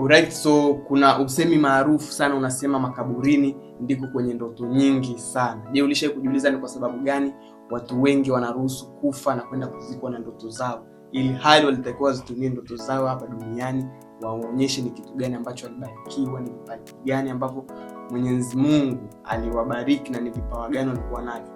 Alright, so kuna usemi maarufu sana unasema makaburini ndiko kwenye ndoto nyingi sana. Je, ulishawahi kujiuliza ni kwa sababu gani watu wengi wanaruhusu kufa na kwenda kuzikwa na ndoto zao, ili hali walitakiwa wazitumie ndoto zao hapa duniani, waonyeshe ni kitu gani ambacho walibarikiwa, ni vipaji gani ambavyo Mwenyezi Mungu aliwabariki na ni vipawa gani walikuwa navyo.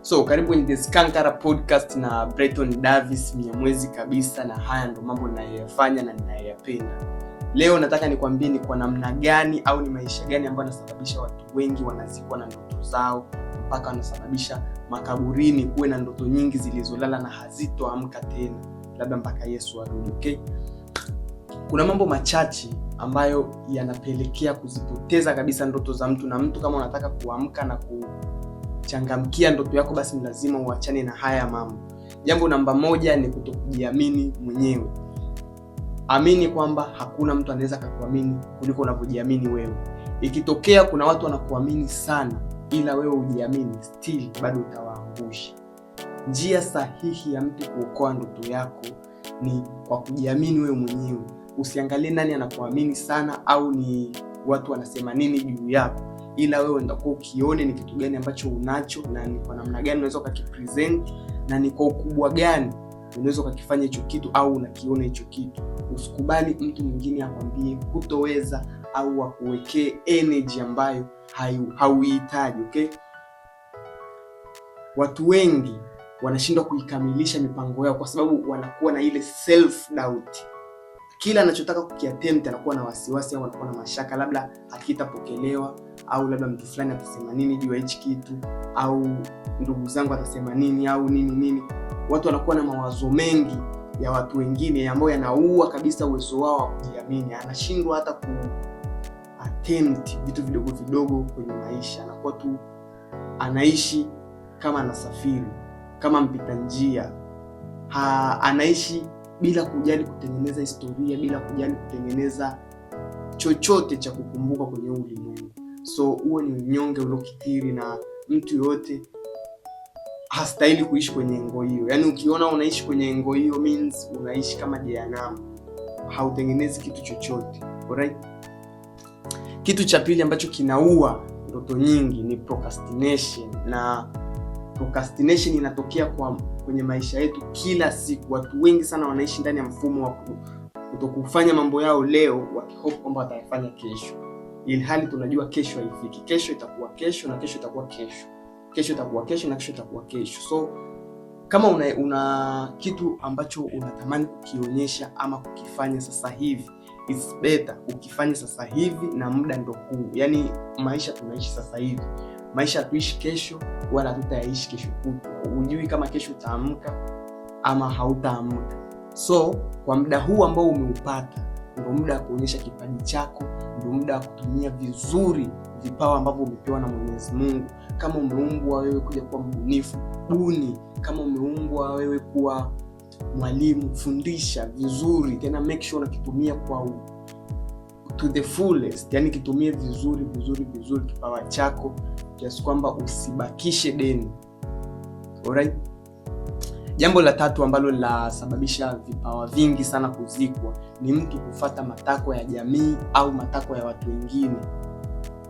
So karibu kwenye The Skankara Podcast na Breton Davis, Mnyamwezi kabisa, na haya ndo mambo ninayoyafanya na ninayoyapenda. Leo nataka nikwambie ni kwa namna gani au ni maisha gani ambayo yanasababisha watu wengi wanazikwa na ndoto zao mpaka wanasababisha makaburini kuwe na ndoto nyingi zilizolala na hazitoamka tena, labda mpaka Yesu arudi. Okay, kuna mambo machache ambayo yanapelekea kuzipoteza kabisa ndoto za mtu, na mtu kama unataka kuamka na kuchangamkia ndoto yako, basi ni lazima uachane na haya mambo. Jambo namba moja ni kutokujiamini mwenyewe amini kwamba hakuna mtu anaweza akakuamini kuliko unavyojiamini wewe. Ikitokea kuna watu wanakuamini sana, ila wewe hujiamini, still bado utawaangusha. Njia sahihi ya mtu kuokoa ndoto yako ni kwa kujiamini wewe mwenyewe. Usiangalie nani anakuamini sana au ni watu wanasema nini juu yako, ila wewe ndakuwa ukione ni kitu gani ambacho unacho na ni kwa namna gani unaweza ukakipresent na ni kwa ukubwa gani unaweza ukakifanya hicho kitu au unakiona hicho kitu. Usikubali mtu mwingine akwambie hutoweza au akuwekee energy ambayo hauihitaji, okay? Watu wengi wanashindwa kuikamilisha mipango yao kwa sababu wanakuwa na ile self doubt kila anachotaka kukiattempt anakuwa na wasiwasi au anakuwa na mashaka, labda akitapokelewa au labda mtu fulani atasema nini juu ya hichi kitu, au ndugu zangu atasema nini au nini nini. Watu wanakuwa na mawazo mengi ya watu wengine ambayo yanaua kabisa uwezo wao wa kujiamini. Anashindwa hata ku attempt vitu vidogo vidogo kwenye maisha, anakuwa tu anaishi kama anasafiri, kama mpita njia, anaishi bila kujali kutengeneza historia, bila kujali kutengeneza chochote cha kukumbuka kwenye huu ulimwengu. So huo ni unyonge uliokithiri, na mtu yoyote hastahili kuishi kwenye engo hiyo. Yaani ukiona unaishi kwenye engo hiyo means unaishi kama jehanamu, hautengenezi kitu chochote. Alright? Kitu cha pili ambacho kinaua ndoto nyingi ni procrastination na procrastination inatokea kwa kwenye maisha yetu kila siku. Watu wengi sana wanaishi ndani ya mfumo wa kutokufanya mambo yao leo, wakihope kwamba watayafanya kesho, ili hali tunajua kesho haifiki. Kesho itakuwa kesho na kesho itakuwa kesho, kesho itakuwa kesho na kesho itakuwa kesho. So kama una, una kitu ambacho unatamani kukionyesha ama kukifanya sasa hivi it's better ukifanya sasa hivi, na muda ndo huu. Yani maisha tunaishi sasa hivi. Maisha tuishi kesho, wala tutayaishi kesho kutwa. Hujui kama kesho utaamka ama hautaamka. So kwa muda huu ambao umeupata, ndio muda wa kuonyesha kipaji chako, ndio muda wa kutumia vizuri vipawa ambavyo umepewa na Mwenyezi Mungu. Kama umeumbwa wewe kuja kuwa mbunifu, buni. Kama umeumbwa wewe kuwa mwalimu, fundisha vizuri, tena make sure unakitumia kwa u to the fullest, yani kitumie vizuri vizuri vizuri kipawa chako kiasi kwamba usibakishe deni. Alright? Jambo la tatu ambalo linasababisha vipawa vingi sana kuzikwa ni mtu kufata matakwa ya jamii au matakwa ya watu wengine.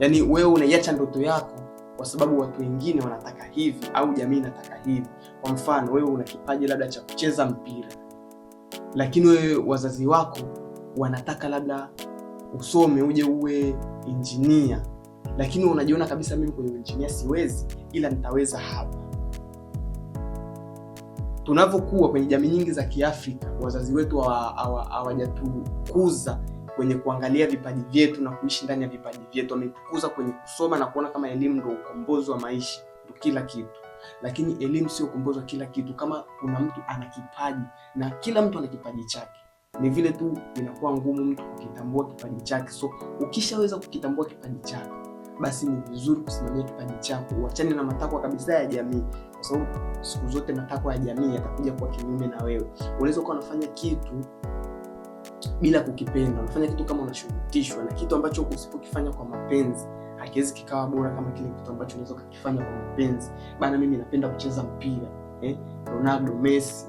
Yaani wewe unaiacha ndoto yako kwa sababu watu wengine wanataka hivi au jamii inataka hivi. Kwa mfano, wewe una kipaji labda cha kucheza mpira, lakini wewe wazazi wako wanataka labda usome uje uwe injinia, lakini unajiona kabisa, mimi kwenye injinia siwezi, ila nitaweza hapa. Tunavyokuwa kwenye jamii nyingi za Kiafrika, wazazi wetu hawajatukuza kwenye kuangalia vipaji vyetu na kuishi ndani ya vipaji vyetu, wametukuza kwenye kusoma na kuona kama elimu ndio ukombozi wa maisha, ndio kila kitu lakini elimu sio ukombozi wa kila kitu. Kama kuna mtu ana kipaji, na kila mtu ana kipaji chake, ni vile tu inakuwa ngumu mtu kukitambua kipaji chake. So ukishaweza kukitambua kipaji chako, basi ni vizuri kusimamia kipaji chako, uachane na matakwa kabisa ya jamii, kwa sababu siku zote matakwa ya jamii yatakuja kwa kinyume na wewe. Unaweza kuwa unafanya kitu bila kukipenda, unafanya kitu kama unashurutishwa, na kitu ambacho usipokifanya kwa mapenzi hakiwezi kikawa bora kama kile kitu ambacho unaweza kukifanya kwa mapenzi. Bana, mimi napenda kucheza mpira eh, Ronaldo, Messi,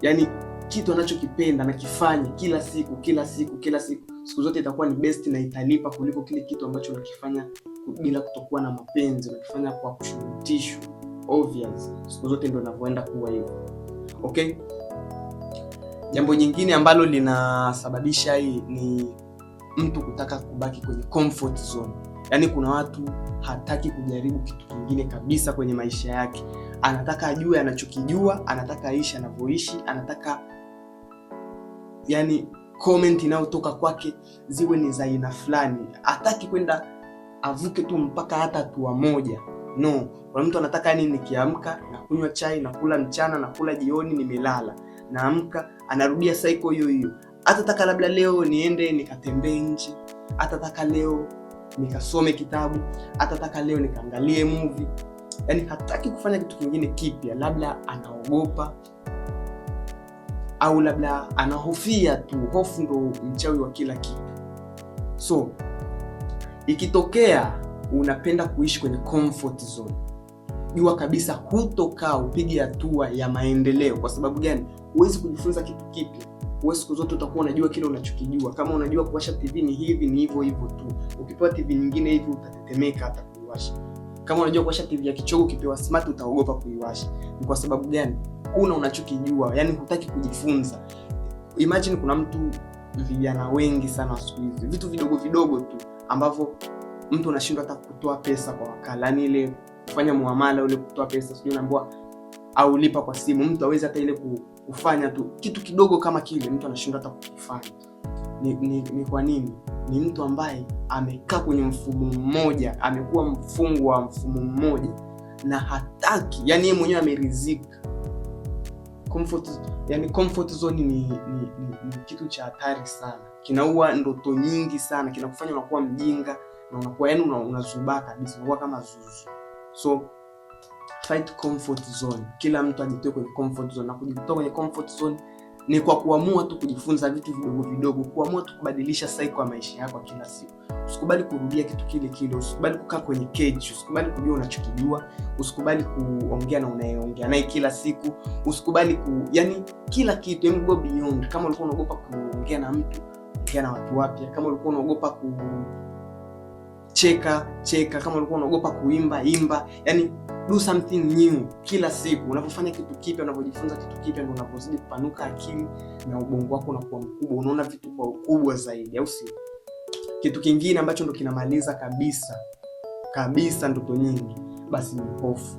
yani kitu anachokipenda na kifanye kila siku kila siku kila siku, siku zote itakuwa ni best na italipa kuliko kile kitu ambacho unakifanya bila kutokuwa na mapenzi, unakifanya kwa kushurutishwa. Obvious, siku zote ndio inavyoenda kuwa hivyo. Okay, jambo jingine ambalo linasababisha hii ni mtu kutaka kubaki kwenye comfort zone. Yaani kuna watu hataki kujaribu kitu kingine kabisa kwenye maisha yake, anataka ajue anachokijua, anataka aishi anavyoishi, anataka yani comment inayotoka kwake ziwe ni za aina fulani. Hataki kwenda avuke tu mpaka hata hatua moja, no. Kuna mtu anataka yani, nikiamka nakunywa chai, nakula mchana, nakula jioni, nimelala, naamka, anarudia saiko hiyo hiyo. Hatataka labda leo niende nikatembee nje, hatataka leo nikasome kitabu, hatataka leo nikaangalie movie. Yani hataki kufanya kitu kingine kipya, labda anaogopa au labda anahofia tu. Hofu ndo mchawi wa kila kitu. So ikitokea unapenda kuishi kwenye comfort zone, jua kabisa hutokaa upige hatua ya maendeleo. Kwa sababu gani? Huwezi kujifunza kitu kipya, huwezi siku zote utakuwa unajua kile unachokijua. Kama unajua kuwasha TV ni hivi, ni hivyo hivyo tu. Ukipewa TV nyingine hivi utatetemeka hata kuiwasha. Kama unajua kuwasha TV ya kichogo, ukipewa smart utaogopa kuiwasha. Ni kwa sababu gani? huna unachokijua, yani hutaki kujifunza. Imagine kuna mtu, vijana wengi sana siku hizi, vitu vidogo vidogo tu ambavyo mtu anashindwa hata kutoa pesa kwa wakala, yani ile kufanya muamala ule, kutoa pesa, sijui unaambiwa au lipa kwa simu, mtu awezi hata ile kufanya tu kitu kidogo kama kile, mtu anashindwa hata kukifanya. Ni, ni, ni kwa nini? Ni mtu ambaye amekaa kwenye mfumo mmoja, amekuwa mfungwa wa mfumo mmoja na hataki, yani yeye mwenyewe ameridhika comfort, yani comfort zone ni, ni, ni, ni kitu cha hatari sana, kinaua ndoto nyingi sana, kinakufanya unakuwa mjinga na unakuwa yani unazubaa kabisa, unakuwa kama zuzu. So fight comfort zone, kila mtu ajitoe kwenye comfort zone na kujitoa kwenye comfort zone ni kwa kuamua tu kujifunza vitu vidogo vidogo, kuamua tu kubadilisha saiko ya maisha yako kila siku. Usikubali kurudia kitu kile kile, usikubali kukaa kwenye cage, usikubali kujua unachokijua, usikubali kuongea na unayeongea naye kila siku, usikubali ku yani kila kitu, yani go beyond. Kama ulikuwa unaogopa kuongea na mtu, ongea na watu wapya. Kama ulikuwa unaogopa ku cheka cheka, kama ulikuwa unaogopa kuimba imba, yani do something new kila siku. Unapofanya kitu kipya, unapojifunza kitu kipya, ndio unapozidi kupanuka akili na ubongo wako unakuwa mkubwa, unaona vitu kwa ukubwa zaidi, au sio? Kitu kingine ambacho ndo kinamaliza kabisa kabisa ndoto nyingi, basi ni hofu.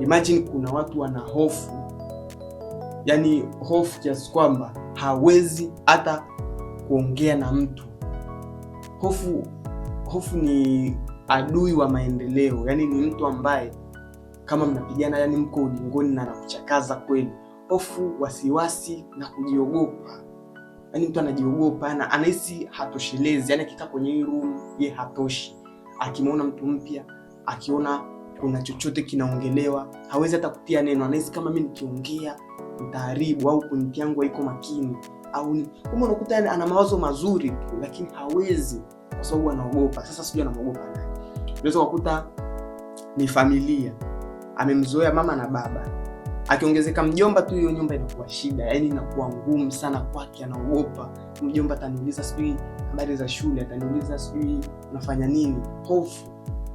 Imagine kuna watu wana hofu, yani hofu kiasi kwamba hawezi hata kuongea na mtu, hofu hofu ni adui wa maendeleo, yaani ni mtu ambaye kama mnapigana, yani mko ulingoni na anakuchakaza kweli. Hofu, wasiwasi na kujiogopa, yaani mtu anajiogopa na anahisi hatoshelezi, yani akikaa kwenye hii room ye hatoshi, akimwona mtu mpya, akiona kuna chochote kinaongelewa hawezi hata kutia neno, anahisi kama mimi nikiongea nitaharibu au kunitiangu haiko makini au unakuta, ana mawazo mazuri tu lakini hawezi kwa sababu anaogopa. Sasa sijui anaogopa nani. Unaweza kukuta ni familia, amemzoea mama na baba, akiongezeka mjomba tu, hiyo nyumba inakuwa shida, yaani inakuwa ngumu sana kwake, anaogopa mjomba. Ataniuliza sijui habari za shule, ataniuliza sijui nafanya nini. Hofu,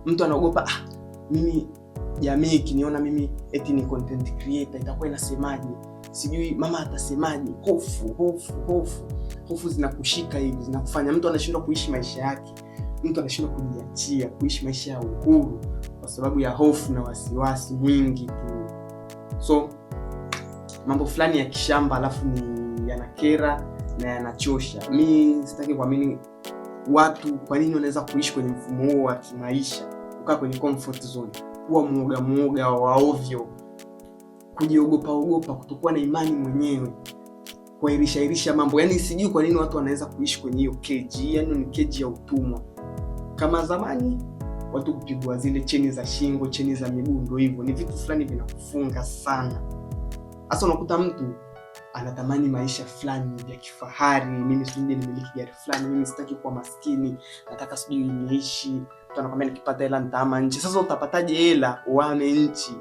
mtu anaogopa ah, mimi jamii ikiniona mimi eti ni content creator itakuwa inasemaje? Sijui mama atasemaje? Hofu, hofu, hofu hofu zinakushika hivi, zinakufanya mtu anashindwa kuishi maisha yake, mtu anashindwa kujiachia, kuishi maisha ya uhuru kwa sababu ya hofu na wasiwasi mwingi tu. So mambo fulani ya kishamba, alafu ni yanakera na yanachosha. Mi sitaki kuamini watu kwa nini wanaweza kuishi kwenye mfumo huo wa kimaisha, kukaa kwenye comfort zone, kuwa mwoga mwoga wa ovyo, kujiogopa ogopa, kutokuwa na imani mwenyewe kuairishairisha mambo. Yani sijui kwa nini watu wanaweza kuishi kwenye hiyo keji, yani ni keji ya utumwa. Kama zamani watu kupigwa zile cheni za shingo, cheni za miguu, ndio hivyo, ni vitu fulani vinakufunga sana. Hasa unakuta mtu anatamani maisha fulani ya kifahari, mimi sijui nimiliki gari fulani, mimi sitaki kuwa maskini, nataka sijui niishi. Mtu anakwambia nikipata hela nitahama nchi. Sasa utapataje hela uame nchi?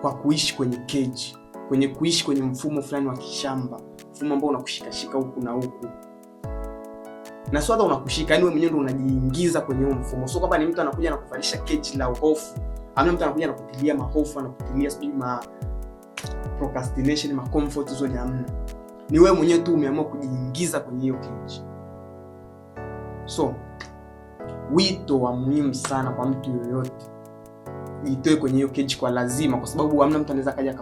Kwa kuishi kwenye keji kwenye kuishi kwenye mfumo fulani wa kishamba, mfumo ambao unakushikashika huku na huku na swala unakushika, yani wewe mwenyewe ndio unajiingiza kwenye huo mfumo. Sio kwamba ni mtu anakuja na kufalisha keji la hofu, amna mtu anakuja na kutilia mahofu, anakutilia sijui ma procrastination, ma comfort zone, amna. Ni wewe mwenyewe tu umeamua kujiingiza kwenye hiyo keji. So wito wa muhimu sana kwa mtu yoyote, jitoe kwenye hiyo keji kwa lazima, kwa sababu amna mtu anaweza kaja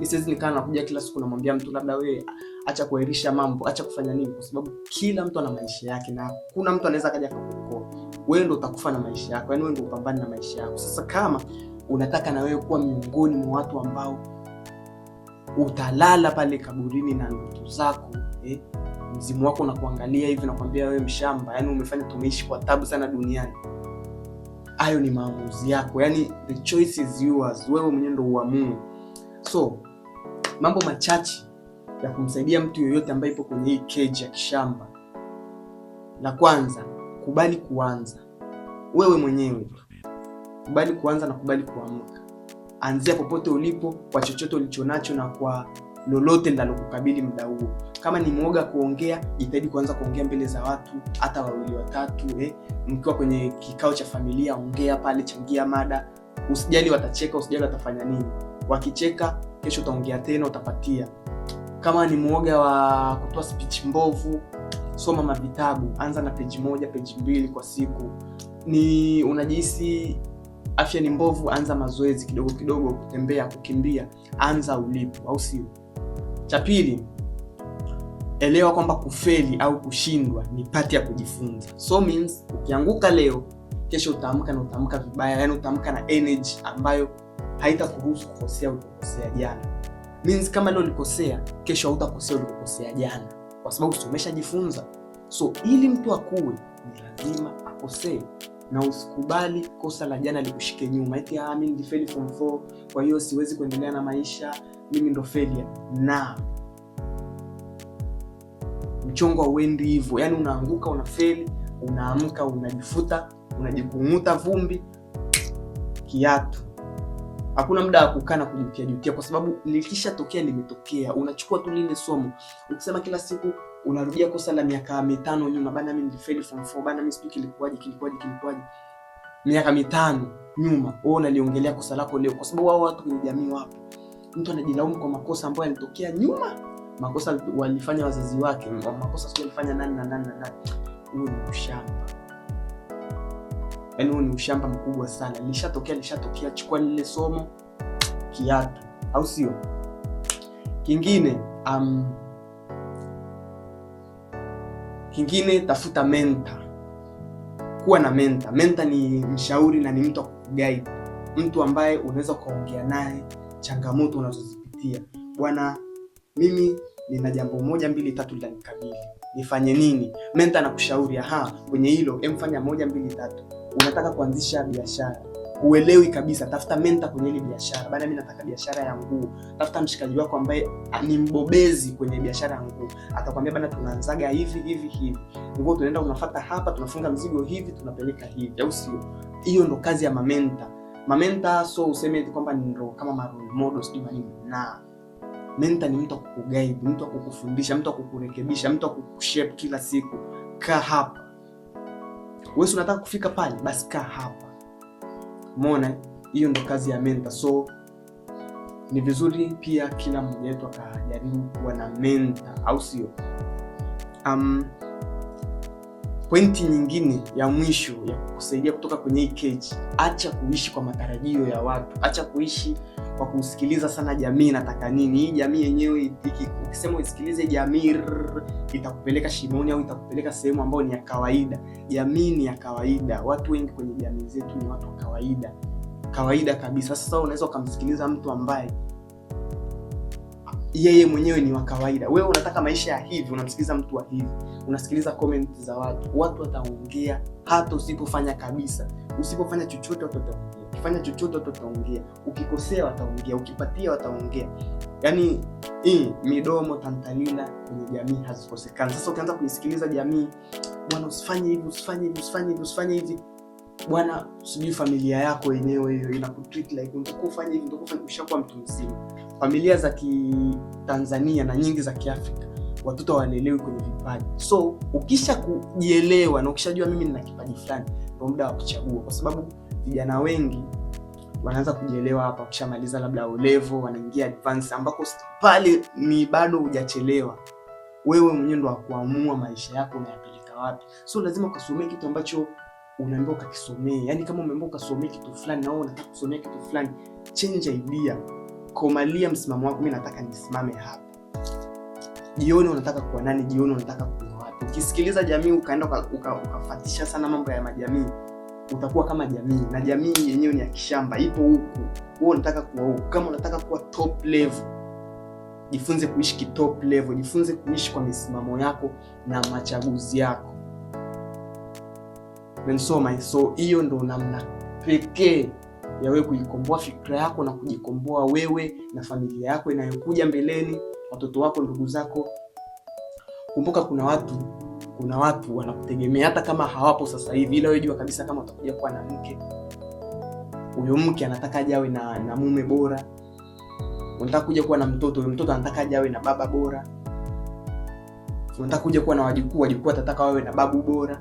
mimi siwezi nikaa nakuja kila siku namwambia mtu labda wewe acha kuairisha mambo, acha kufanya nini, kwa sababu kila mtu ana maisha yake na kuna mtu anaweza kaja akakuokoa wewe. ndo utakufa na maisha yako, yani wewe ndo upambane na maisha yako. Sasa kama unataka na wewe kuwa miongoni mwa watu ambao utalala pale kaburini na ndoto zako eh, mzimu wako unakuangalia hivi nakwambia wewe mshamba, yani umefanya, tumeishi kwa tabu sana duniani. Hayo ni maamuzi yako, yani the choice is yours, wewe mwenyewe ndo uamue so mambo machache ya kumsaidia mtu yoyote ambaye ipo kwenye hii keji ya kishamba. La kwanza, kubali kuanza wewe mwenyewe, kubali kuanza na kubali kuamka. Anzia popote ulipo, kwa chochote ulichonacho na kwa lolote linalokukabili muda huo. Kama ni mwoga kuongea, jitahidi kuanza kuongea mbele za watu, hata wawili watatu, eh. Mkiwa kwenye kikao cha familia, ongea pale, changia mada. Usijali watacheka, usijali watafanya nini. Wakicheka kesho utaongea tena, utapatia. Kama ni mwoga wa kutoa speech mbovu, soma mavitabu, anza na peji moja peji mbili kwa siku. Ni unajihisi afya ni mbovu, anza mazoezi kidogo kidogo, kutembea, kukimbia, anza ulipo, au sio? Cha pili, elewa kwamba kufeli au kushindwa ni pati ya kujifunza. So means ukianguka leo, kesho utaamka na utaamka vibaya, yani utaamka na energy ambayo haitakuruhusu kukosea ulikokosea jana. Means kama leo ulikosea, kesho hautakosea ulikokosea jana, kwa sababu umeshajifunza. So ili mtu akue ni lazima akosee, na usikubali kosa la jana likushike nyuma, eti ah, mimi nilifeli form 4 kwa hiyo siwezi kuendelea na maisha, mimi ndo failure. Na mchongo hauendi hivyo, yani unaanguka, unafeli, unaamka, unajifuta, unajikung'uta vumbi kiatu Hakuna muda wa kukaa na kujutia jutia, kwa sababu likishatokea limetokea. Unachukua tu lile somo, ukisema kila siku unarudia kosa la miaka mitano nyuma, bana mimi nilifeli form 4, bana mimi sijui kilikuwaje, kilikuwaje, kilikuwaje. Miaka mitano nyuma wewe unaliongelea kosa lako leo, kwa sababu hao watu kwenye jamii wapo, mtu anajilaumu kwa makosa ambayo yalitokea nyuma, makosa walifanya wazazi wake, makosa sio alifanya nani na nani na nani. Huo ni ushamba yani huu ni ushamba mkubwa sana. Lishatokea, lishatokea, chukua lile somo kiatu, au sio? Kingine um, kingine tafuta menta, kuwa na menta. Menta ni mshauri na ni mtu wa mtu ambaye unaweza ukaongea naye changamoto unazozipitia. Bwana, mimi nina jambo moja mbili tatu linanikabili, nifanye nini? Menta anakushauri aha, kwenye hilo emfanya moja mbili tatu unataka kuanzisha biashara uelewi kabisa, tafuta menta kwenye ile biashara bana. Mimi nataka biashara ya nguo, tafuta mshikaji wako ambaye ni mbobezi kwenye biashara ya nguo, atakwambia bana, tunaanzaga hivi hivi hivi, nguo tunaenda unafuata hapa, tunafunga mzigo hivi, tunapeleka hivi, au sio? Hiyo ndo kazi ya mamenta. Mamenta so useme kwamba ni ndo kama marole model sijui nini, na menta ni mtu akukuguide, mtu akukufundisha, mtu akukurekebisha, mtu akukushape kila siku. Kaa hapa wewe unataka kufika pale, basi kaa hapa. Umeona, hiyo ndo kazi ya mentor. So ni vizuri pia kila mmoja wetu akajaribu kuwa na mentor, au sio? Um, pointi nyingine ya mwisho ya kusaidia kutoka kwenye hii cage, acha kuishi kwa matarajio ya watu, acha kuishi kwa kusikiliza sana jamii nataka nini. Hii jamii yenyewe, ukisema usikilize jamii, itakupeleka shimoni au itakupeleka sehemu ambayo ni ya kawaida. Jamii ni ya kawaida, watu wengi kwenye jamii zetu ni watu wa kawaida, kawaida kabisa. Sasa unaweza ukamsikiliza mtu ambaye yeye mwenyewe ni wa kawaida. Wewe unataka maisha ya hivi, unamsikiliza mtu wa hivi, unasikiliza comment za watu. Watu wataongea hata usipofanya kabisa, usipofanya chochote watu ukifanya chochote watu wataongea, ukikosea wataongea, ukipatia wataongea. Yani hii midomo tantalina kwenye jamii hazikosekani. Sasa ukianza kuisikiliza jamii, bwana, usifanye hivi, usifanye hivi, usifanye hivi, usifanye hivi bwana, sijui familia yako yenyewe hiyo inakutreat like unataka ufanye hivi, unataka ufanye, ushakuwa mtu mzima. Familia za Kitanzania na nyingi za Kiafrika watoto hawaelewi kwenye vipaji. So ukisha kujielewa na ukishajua mimi nina kipaji fulani, ndio muda wa kuchagua, kwa sababu vijana wengi wanaanza kujielewa hapa, kishamaliza labda olevo wanaingia advance, ambako pale ni bado hujachelewa. Wewe mwenyewe ndo kuamua maisha yako unayapeleka wapi, so lazima ukasomee kitu ambacho unaambiwa ukakisomee. Yani kama umeambiwa ukasomee kitu fulani na wewe unataka kusomea kitu fulani, change idea, komalia msimamo wako. Mimi nataka nisimame hapa. Jioni unataka kuwa nani? Jioni unataka kuwa wapi? Ukisikiliza jamii ukaenda ukafatisha uka sana mambo ya majamii utakuwa kama jamii, na jamii yenyewe ni ya kishamba, ipo huku. Wewe unataka kuwa huku, kama unataka kuwa top level, jifunze kuishi ki top level, jifunze kuishi kwa misimamo yako na machaguzi yako. Mensoma, so hiyo ndo namna pekee ya wewe kuikomboa fikra yako na kujikomboa wewe na familia yako inayokuja mbeleni, watoto wako, ndugu zako. Kumbuka kuna watu kuna watu wanakutegemea hata kama hawapo sasa hivi, ila wewe jua kabisa kama utakuja kuwa na mke, huyo mke anataka ajawe na, na mume bora. Unataka kuja kuwa na mtoto, huyo mtoto anataka ajawe awe na baba bora. Unataka kuja kuwa na wajukuu, wajukuu atataka wawe na babu bora.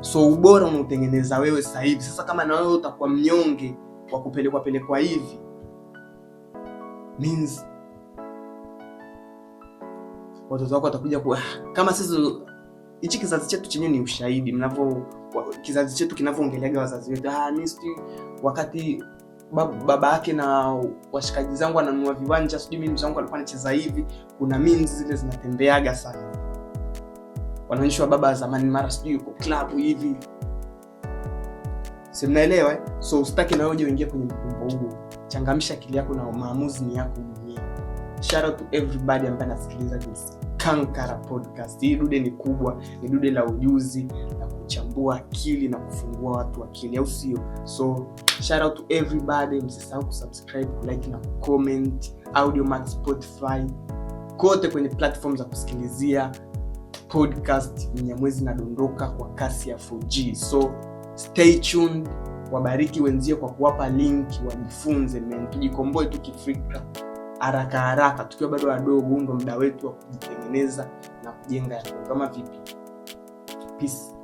So ubora unaotengeneza wewe sasa hivi. Sasa kama na wewe utakuwa mnyonge kwa kupelekwa pelekwa hivi means watoto wako watakuja kuwa kama sisi hichi kizazi chetu chenye ni ushahidi mnavyo kizazi chetu kinavyoongeleaga wazazi wetu. Ah, mimi sijui wakati baba yake na washikaji zangu ananua viwanja, sijui mimi mzangu alikuwa anacheza hivi. Kuna minzi zile zinatembeaga sana, wanaonyeshwa baba zamani, mara sijui yuko club hivi, si mnaelewa eh? So usitaki na wewe uingie kwenye mkumbo huo, changamsha akili yako na maamuzi ni yako mwenyewe. Shout out to everybody ambaye anasikiliza this. Kankara Podcast. Hii dude ni kubwa, ni dude la ujuzi la kuchambua akili na kufungua watu akili, au sio? So shout out to everybody, msisahau kusubscribe, like na Audio Max, Spotify, kote kwenye platform za kusikilizia podcast. Mnyamwezi nadondoka kwa kasi ya 4G, so stay tuned. Wabariki wenzie kwa kuwapa link, wajifunze men, tujikomboe haraka haraka tukiwa bado wadogo. ndo muda wetu wa kujitengeneza na kujenga kama vipi peace.